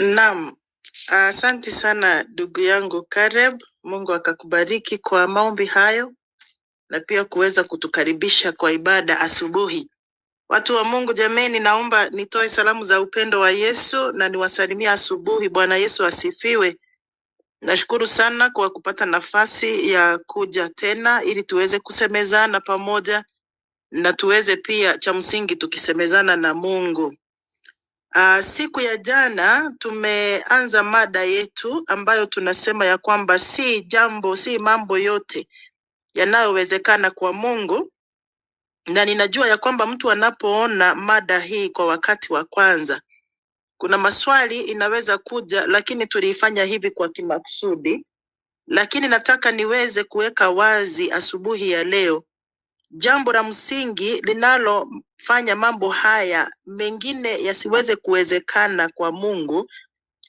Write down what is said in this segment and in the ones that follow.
Naam, asante sana ndugu yangu kareb Mungu akakubariki kwa maombi hayo na pia kuweza kutukaribisha kwa ibada asubuhi. Watu wa Mungu, jameni, naomba nitoe salamu za upendo wa Yesu na niwasalimie asubuhi. Bwana Yesu asifiwe. Nashukuru sana kwa kupata nafasi ya kuja tena ili tuweze kusemezana pamoja na tuweze pia cha msingi tukisemezana na Mungu. Uh, siku ya jana tumeanza mada yetu ambayo tunasema ya kwamba si jambo, si mambo yote yanayowezekana kwa Mungu, na ninajua ya kwamba mtu anapoona mada hii kwa wakati wa kwanza, kuna maswali inaweza kuja, lakini tuliifanya hivi kwa kimakusudi, lakini nataka niweze kuweka wazi asubuhi ya leo Jambo la msingi linalofanya mambo haya mengine yasiweze kuwezekana kwa Mungu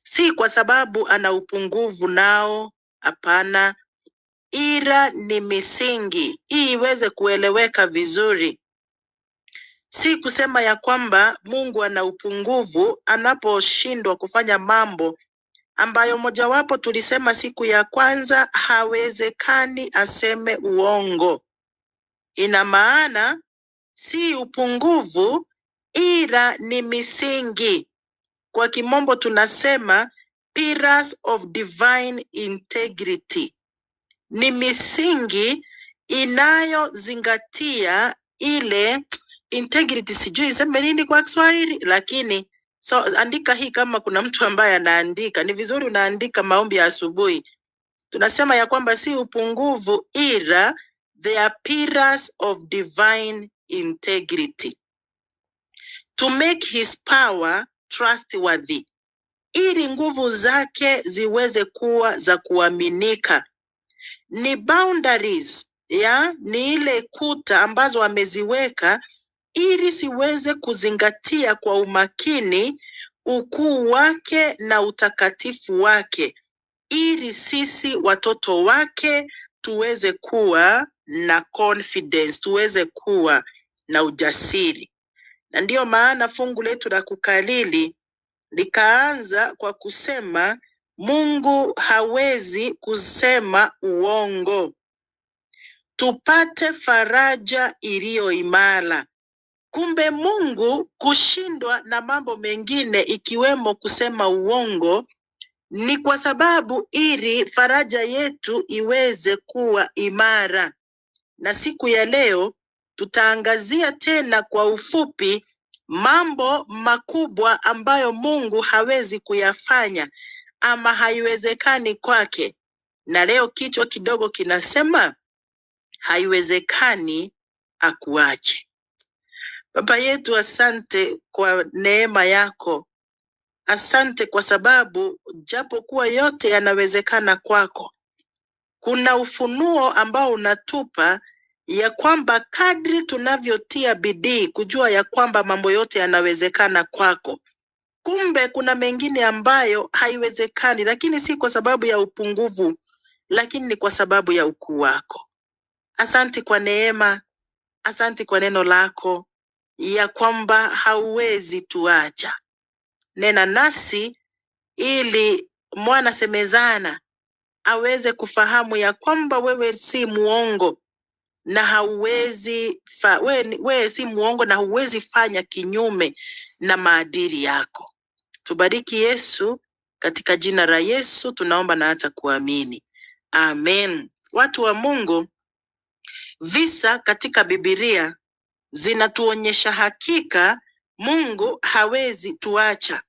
si kwa sababu ana upungufu nao, hapana, ila ni misingi hii iweze kueleweka vizuri. Si kusema ya kwamba Mungu ana upungufu anaposhindwa kufanya mambo ambayo mojawapo tulisema siku ya kwanza, hawezekani aseme uongo ina maana si upungufu ila ni misingi. Kwa kimombo tunasema pillars of divine integrity, ni misingi inayozingatia ile integrity. Sijui iseme nini kwa Kiswahili, lakini so, andika hii kama kuna mtu ambaye anaandika. Ni vizuri unaandika maombi ya asubuhi, tunasema ya kwamba si upungufu ila the appearance of divine integrity, to make his power trustworthy, ili nguvu zake ziweze kuwa za kuaminika. Ni boundaries ya ni ile kuta ambazo ameziweka ili siweze kuzingatia kwa umakini ukuu wake na utakatifu wake, ili sisi watoto wake tuweze kuwa na confidence, tuweze kuwa na ujasiri. Na ndiyo maana fungu letu la kukalili likaanza kwa kusema Mungu hawezi kusema uongo, tupate faraja iliyo imara. Kumbe Mungu kushindwa na mambo mengine ikiwemo kusema uongo ni kwa sababu ili faraja yetu iweze kuwa imara na siku ya leo tutaangazia tena kwa ufupi mambo makubwa ambayo Mungu hawezi kuyafanya ama haiwezekani kwake, na leo kichwa kidogo kinasema haiwezekani akuache. Baba yetu, asante kwa neema yako, asante kwa sababu japokuwa yote yanawezekana kwako kuna ufunuo ambao unatupa ya kwamba kadri tunavyotia bidii kujua ya kwamba mambo yote yanawezekana kwako, kumbe kuna mengine ambayo haiwezekani, lakini si kwa sababu ya upungufu, lakini ni kwa sababu ya ukuu wako. Asanti kwa neema, asanti kwa neno lako ya kwamba hauwezi tuacha. Nena nasi ili mwana semezana aweze kufahamu ya kwamba wewe si muongo na hauwezi fa, wewe, wewe si muongo na huwezi fanya kinyume na maadili yako. Tubariki Yesu, katika jina la Yesu tunaomba na hata kuamini, amen. Watu wa Mungu, visa katika Biblia zinatuonyesha hakika Mungu hawezi tuacha.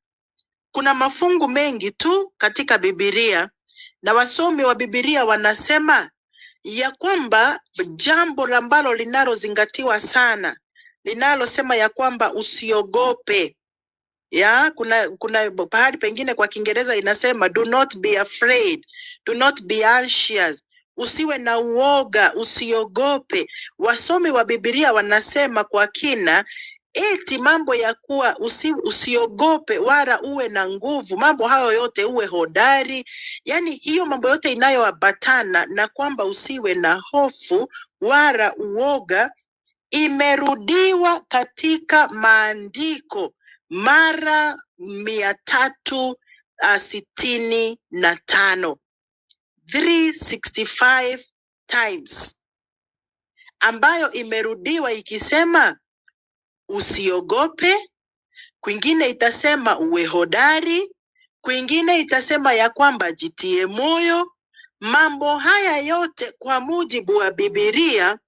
Kuna mafungu mengi tu katika Biblia na wasomi wa Biblia wanasema ya kwamba jambo ambalo linalozingatiwa sana linalosema ya kwamba usiogope ya kuna kuna pahali pengine kwa Kiingereza inasema do not be afraid, do not be anxious, usiwe na uoga, usiogope. Wasomi wa Biblia wanasema kwa kina eti mambo ya kuwa usi, usiogope wala uwe na nguvu, mambo hayo yote, uwe hodari, yani hiyo mambo yote inayoambatana na kwamba usiwe na hofu wala uoga, imerudiwa katika maandiko mara mia tatu ah, sitini na tano 365 times ambayo imerudiwa ikisema usiogope, kwingine itasema uwe hodari, kwingine itasema ya kwamba jitie moyo. Mambo haya yote kwa mujibu wa Biblia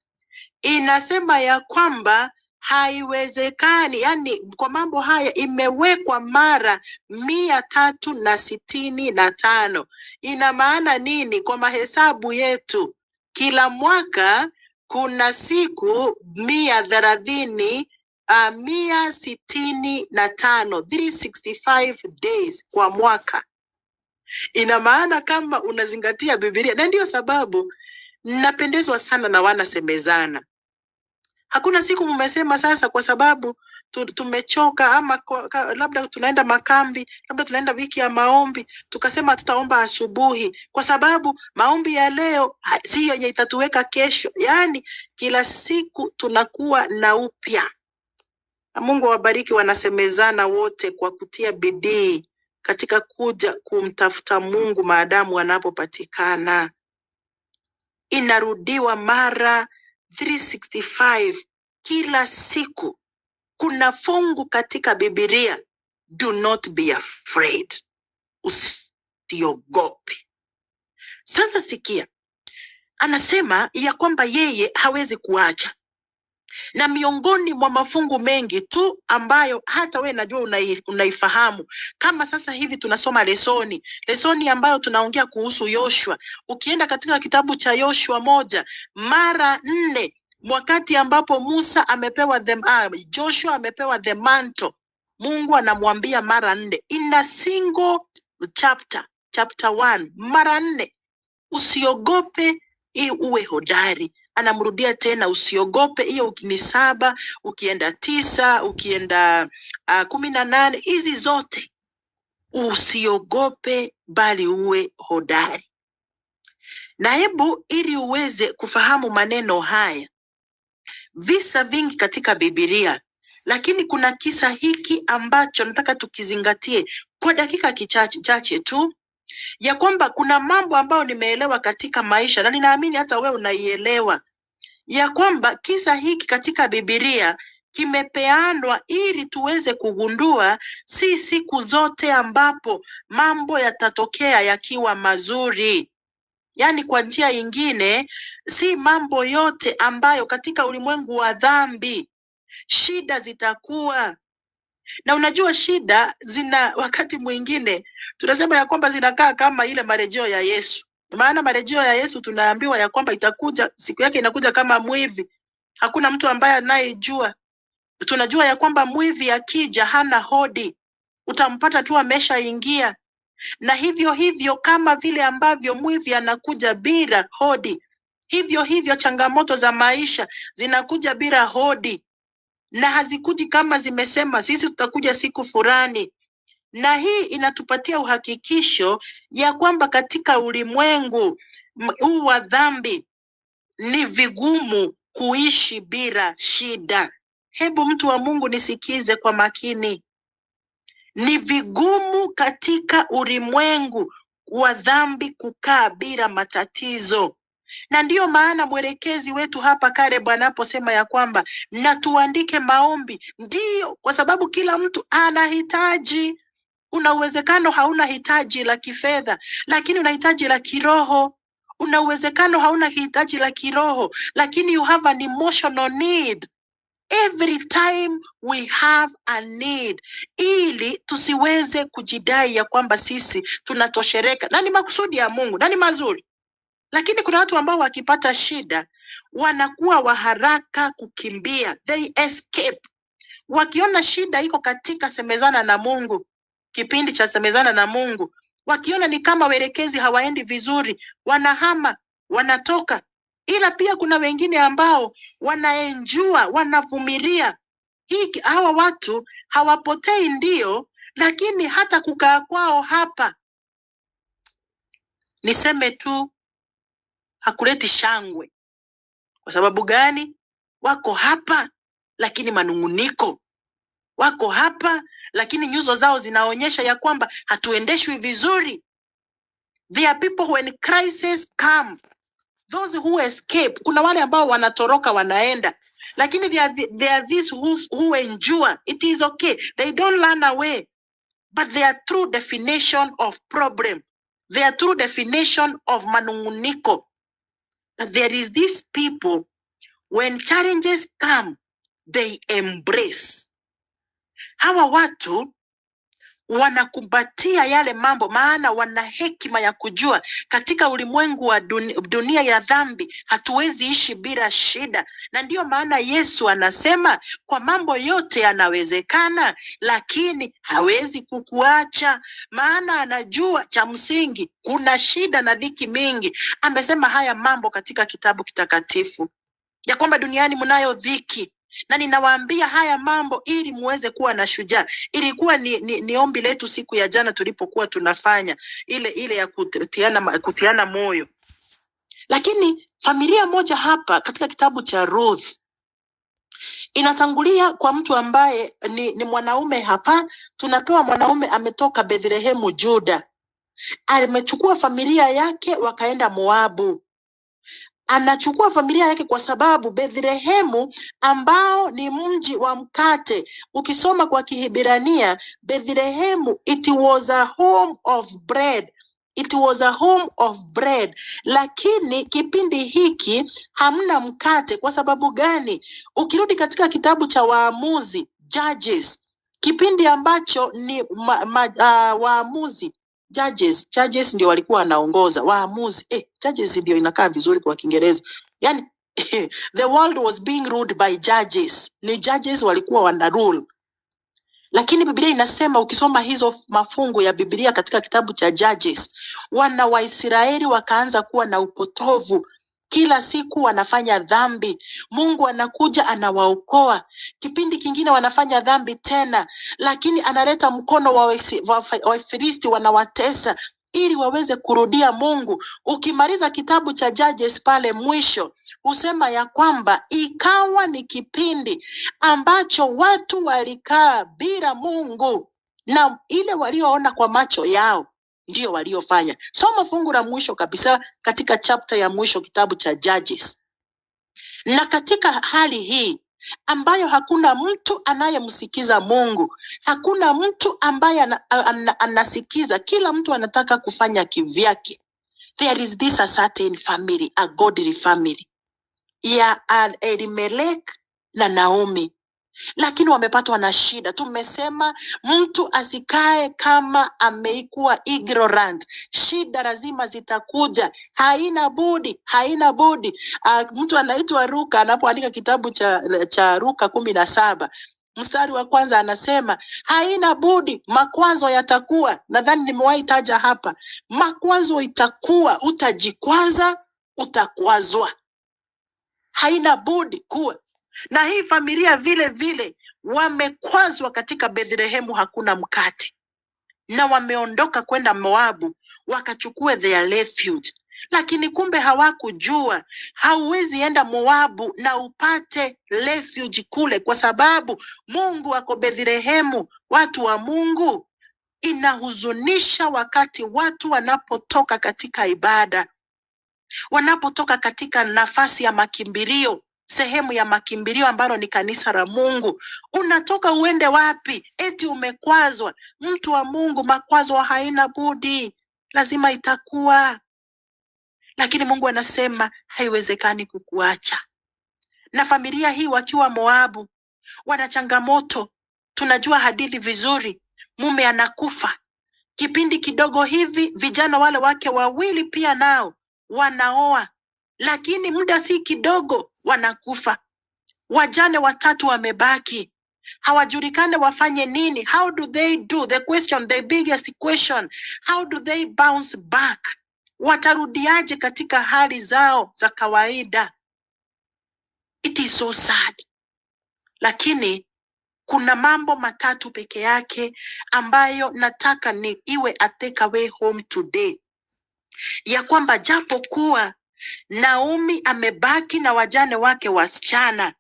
inasema ya kwamba haiwezekani, yani kwa mambo haya imewekwa mara mia tatu na sitini na tano. Ina maana nini? Kwa mahesabu yetu kila mwaka kuna siku mia thelathini uh, mia sitini na tano 365 days kwa mwaka. Ina maana kama unazingatia Biblia, na ndiyo sababu napendezwa sana na wanasemezana. Hakuna siku mmesema sasa kwa sababu tumechoka ama kwa, labda tunaenda makambi, labda tunaenda wiki ya maombi, tukasema tutaomba asubuhi kwa sababu maombi ya leo si yenye itatuweka kesho. Yaani kila siku tunakuwa na upya. Mungu awabariki wanasemezana wote kwa kutia bidii katika kuja kumtafuta Mungu maadamu wanapopatikana. Inarudiwa mara 365 kila siku. Kuna fungu katika Biblia, do not be afraid, usiogope. Sasa sikia, anasema ya kwamba yeye hawezi kuacha na miongoni mwa mafungu mengi tu ambayo hata we najua unai, unaifahamu kama sasa hivi tunasoma lesoni lesoni ambayo tunaongea kuhusu Yoshua. Ukienda katika kitabu cha Yoshua moja mara nne, wakati ambapo Musa amepewa the, uh, Joshua amepewa the manto Mungu anamwambia mara nne ina single chapter, chapter one, mara nne, usiogope, uwe hodari anamrudia tena, usiogope. Hiyo ni saba, ukienda tisa, ukienda uh, kumi na nane, hizi zote usiogope, bali uwe hodari. Na hebu ili uweze kufahamu maneno haya, visa vingi katika bibilia lakini kuna kisa hiki ambacho nataka tukizingatie kwa dakika kichache tu ya kwamba kuna mambo ambayo nimeelewa katika maisha na ninaamini hata wewe unaielewa ya kwamba kisa hiki katika bibilia kimepeanwa ili tuweze kugundua si siku zote ambapo mambo yatatokea yakiwa mazuri. Yaani, kwa njia nyingine, si mambo yote ambayo katika ulimwengu wa dhambi shida zitakuwa na unajua shida zina wakati mwingine tunasema ya kwamba zinakaa kama ile marejeo ya Yesu, maana marejeo ya Yesu tunaambiwa ya kwamba itakuja siku yake, inakuja kama mwivi, hakuna mtu ambaye anayejua. Tunajua ya kwamba mwivi akija hana hodi, utampata tu ameshaingia. Na hivyo hivyo, kama vile ambavyo mwivi anakuja bila hodi, hivyo hivyo changamoto za maisha zinakuja bila hodi na hazikuji kama zimesema sisi tutakuja siku fulani. Na hii inatupatia uhakikisho ya kwamba katika ulimwengu huu wa dhambi ni vigumu kuishi bila shida. Hebu mtu wa Mungu nisikize kwa makini. Ni vigumu katika ulimwengu wa dhambi kukaa bila matatizo na ndiyo maana mwelekezi wetu hapa kareb anaposema ya kwamba na tuandike maombi, ndiyo kwa sababu kila mtu anahitaji. Una uwezekano hauna hitaji la kifedha, lakini unahitaji la kiroho. Una uwezekano hauna hitaji la kiroho, lakini you have an emotional need. Every time we have a need, ili tusiweze kujidai ya kwamba sisi tunatoshereka, na ni makusudi ya Mungu na ni mazuri lakini kuna watu ambao wakipata shida wanakuwa wa haraka kukimbia, they escape. Wakiona shida iko katika semezana na Mungu, kipindi cha semezana na Mungu, wakiona ni kama welekezi hawaendi vizuri, wanahama, wanatoka. Ila pia kuna wengine ambao wanaenjua, wanavumilia. Hii hawa watu hawapotei, ndio, lakini hata kukaa kwao hapa niseme tu hakuleti shangwe. Kwa sababu gani? Wako hapa lakini manung'uniko, wako hapa lakini nyuso zao zinaonyesha ya kwamba hatuendeshwi vizuri. There are people who when crisis come, those who escape, kuna wale ambao wanatoroka wanaenda, lakini there are, there are these who, who endure. It is okay, they don't run away but their true definition of problem, their true definition of manung'uniko Uh, there is these people, when challenges come, they embrace. Hawa watu wanakumbatia yale mambo, maana wana hekima ya kujua katika ulimwengu wa dunia, dunia ya dhambi hatuwezi ishi bila shida, na ndiyo maana Yesu anasema kwa mambo yote yanawezekana, lakini hawezi kukuacha, maana anajua cha msingi kuna shida na dhiki mingi. Amesema haya mambo katika kitabu kitakatifu ya kwamba duniani mnayo dhiki na ninawaambia haya mambo ili muweze kuwa na shujaa. Ilikuwa ni, ni, ni ombi letu siku ya jana tulipokuwa tunafanya ile ile ya kutiana, kutiana moyo. Lakini familia moja hapa katika kitabu cha Ruth inatangulia kwa mtu ambaye ni, ni mwanaume hapa tunapewa mwanaume ametoka Bethlehemu Juda, amechukua familia yake wakaenda Moabu anachukua familia yake, kwa sababu Bethlehemu ambao ni mji wa mkate, ukisoma kwa Kihibirania Bethlehemu, it was a home of bread It was a home of bread, lakini kipindi hiki hamna mkate. Kwa sababu gani? Ukirudi katika kitabu cha Waamuzi, Judges, kipindi ambacho ni ma, ma, uh, Waamuzi judges judges ndio walikuwa wanaongoza waamuzi eh, judges ndio inakaa vizuri kwa Kiingereza yani the world was being ruled by judges ni judges walikuwa wana rule lakini Biblia inasema ukisoma hizo mafungu ya Biblia katika kitabu cha Judges, wana Waisraeli wakaanza kuwa na upotovu kila siku wanafanya dhambi, Mungu anakuja anawaokoa. Kipindi kingine wanafanya dhambi tena, lakini analeta mkono wa Wafilisti wanawatesa ili waweze kurudia Mungu. Ukimaliza kitabu cha jajes pale mwisho husema ya kwamba ikawa ni kipindi ambacho watu walikaa bila Mungu na ile walioona kwa macho yao ndio waliofanya. Soma fungu la mwisho kabisa katika chapter ya mwisho kitabu cha Judges. Na katika hali hii ambayo hakuna mtu anayemsikiza Mungu, hakuna mtu ambaye ana, ana, anasikiza, kila mtu anataka kufanya kivyake. There is this a certain family, a godly family ya Elimelech na Naomi lakini wamepatwa na shida. Tumesema mtu asikae kama ameikuwa ignorant, shida lazima zitakuja, haina budi, haina budi. Uh, mtu anaitwa Ruka anapoandika kitabu cha, cha Ruka kumi na saba mstari wa kwanza anasema haina budi, makwazo yatakuwa. Nadhani nimewahi taja hapa, makwazo itakuwa, utajikwaza, utakwazwa, haina budi kuwa na hii familia vile vile wamekwazwa katika Bethlehemu, hakuna mkate, na wameondoka kwenda Moabu wakachukue their refuge. Lakini kumbe hawakujua, hauwezi enda Moabu na upate refuge kule, kwa sababu Mungu ako Bethlehemu. Watu wa Mungu, inahuzunisha wakati watu wanapotoka katika ibada, wanapotoka katika nafasi ya makimbilio sehemu ya makimbilio ambalo ni kanisa la Mungu. Unatoka uende wapi? Eti umekwazwa? Mtu wa Mungu, makwazo haina budi, lazima itakuwa. Lakini Mungu anasema haiwezekani kukuacha. Na familia hii wakiwa Moabu wana changamoto, tunajua hadithi vizuri. Mume anakufa kipindi kidogo hivi, vijana wale wake wawili pia nao wanaoa, lakini muda si kidogo wanakufa, wajane watatu wamebaki, hawajulikane wafanye nini. How do they do the question, the biggest question, how do they bounce back? Watarudiaje katika hali zao za kawaida? It is so sad, lakini kuna mambo matatu peke yake ambayo nataka ni iwe a takeaway home today, ya kwamba japo kuwa Naomi amebaki na wajane wake wasichana.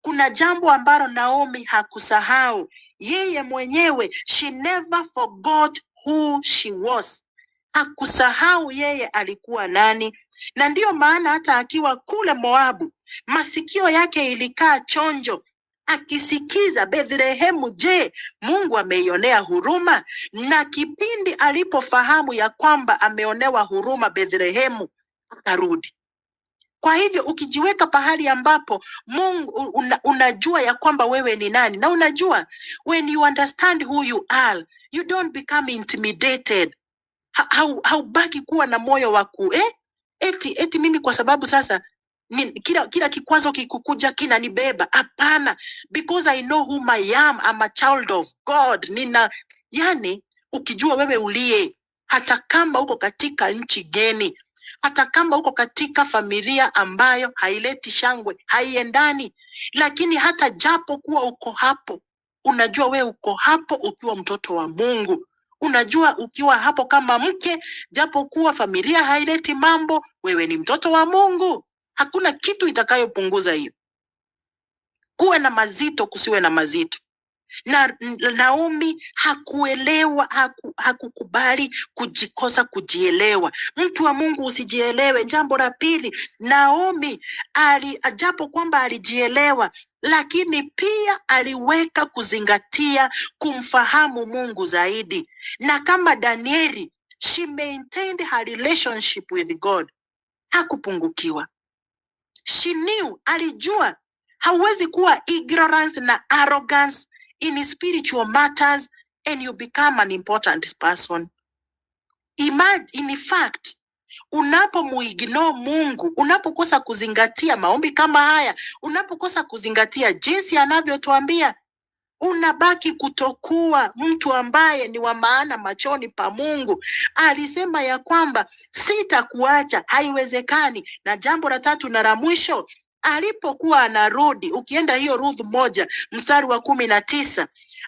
Kuna jambo ambalo Naomi hakusahau yeye mwenyewe. She never forgot who she was. Hakusahau yeye alikuwa nani, na ndiyo maana hata akiwa kule Moabu masikio yake ilikaa chonjo akisikiza Bethlehemu. Je, Mungu ameionea huruma? Na kipindi alipofahamu ya kwamba ameonewa huruma Bethlehemu, akarudi. Kwa hivyo ukijiweka pahali ambapo Mungu una, unajua ya kwamba wewe ni nani na unajua when you understand who you are, you don't become intimidated. Ha- Haubaki kuwa na moyo wa ku eh? Eti eti mimi kwa sababu sasa ni, kila kila kikwazo kikukuja kinanibeba. Hapana, because I know who I am, I'm a child of God. Nina yani, ukijua wewe uliye, hata kama uko katika nchi geni, hata kama uko katika familia ambayo haileti shangwe, haiendani, lakini hata japo kuwa uko hapo, unajua we uko hapo ukiwa mtoto wa Mungu. Unajua ukiwa hapo kama mke, japo kuwa familia haileti mambo, wewe ni mtoto wa Mungu. Hakuna kitu itakayopunguza hiyo. Kuwe na mazito, kusiwe na mazito na Naomi hakuelewa haku, hakukubali kujikosa kujielewa. Mtu wa Mungu usijielewe. Jambo la pili, Naomi ali japo kwamba alijielewa lakini pia aliweka kuzingatia kumfahamu Mungu zaidi, na kama Danieli, she maintained her relationship with God, hakupungukiwa. She knew, alijua hauwezi kuwa ignorance na arrogance in spiritual matters and you become an important person. Imagine, in fact, unapomuignore Mungu, unapokosa kuzingatia maombi kama haya, unapokosa kuzingatia jinsi anavyotuambia, unabaki kutokuwa mtu ambaye ni wa maana machoni pa Mungu. Alisema ya kwamba sitakuacha, haiwezekani. Na jambo la tatu na la mwisho, alipokuwa anarudi, ukienda hiyo Ruth moja mstari wa kumi na tisa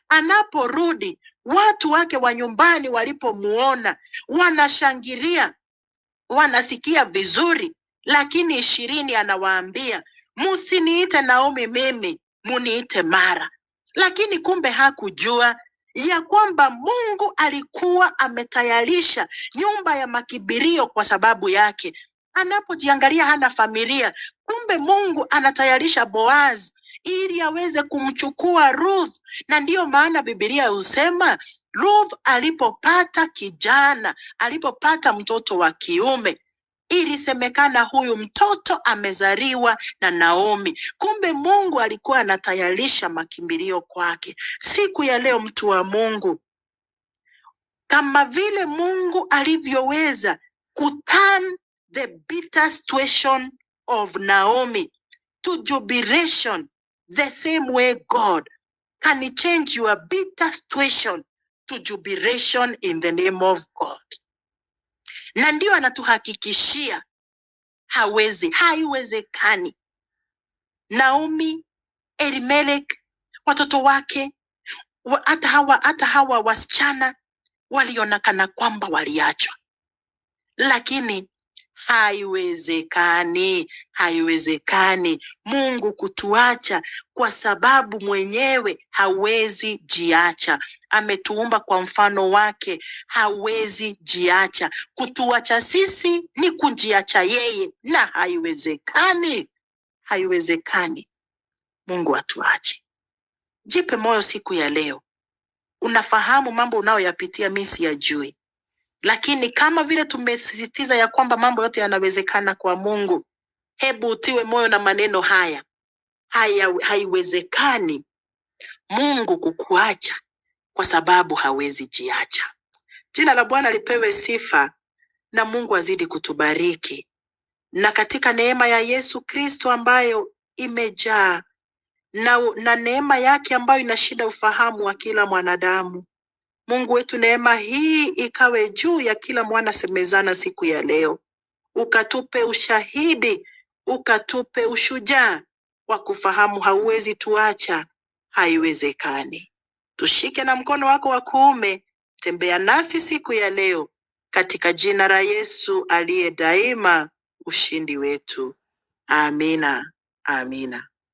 anaporudi watu wake wa nyumbani walipomuona wanashangilia, wanasikia vizuri, lakini ishirini anawaambia msiniite Naomi mimi muniite Mara. Lakini kumbe hakujua ya kwamba Mungu alikuwa ametayarisha nyumba ya makibirio kwa sababu yake. Anapojiangalia hana familia, kumbe Mungu anatayarisha boaz ili aweze kumchukua Ruth, na ndiyo maana bibilia husema Ruth alipopata kijana, alipopata mtoto wa kiume ilisemekana huyu mtoto amezaliwa na Naomi. Kumbe Mungu alikuwa anatayarisha makimbilio kwake. Siku ya leo, mtu wa Mungu, kama vile Mungu alivyoweza kuturn the bitter situation of Naomi to jubilation. The same way God can he change your bitter situation to jubilation in the name of God. Na ndio anatuhakikishia hawezi, haiwezekani. Naomi, Elimelek, watoto wake hata hawa, hata hawa wasichana kana kwamba waliachwa, lakini Haiwezekani, haiwezekani Mungu kutuacha kwa sababu mwenyewe hawezi jiacha. Ametuumba kwa mfano wake, hawezi jiacha. Kutuacha sisi ni kujiacha yeye, na haiwezekani, haiwezekani Mungu atuache. Jipe moyo siku ya leo. Unafahamu mambo unayoyapitia, ya siyajui, lakini kama vile tumesisitiza ya kwamba mambo yote yanawezekana kwa Mungu, hebu utiwe moyo na maneno haya haya, haiwezekani Mungu kukuacha kwa sababu hawezi jiacha. Jina la Bwana lipewe sifa na Mungu azidi kutubariki na katika neema ya Yesu Kristo ambayo imejaa na, na neema yake ambayo inashinda ufahamu wa kila mwanadamu. Mungu wetu, neema hii ikawe juu ya kila mwana semezana siku ya leo, ukatupe ushahidi, ukatupe ushujaa wa kufahamu hauwezi tuacha, haiwezekani. Tushike na mkono wako wa kuume, tembea nasi siku ya leo, katika jina la Yesu aliye daima ushindi wetu. Amina, amina.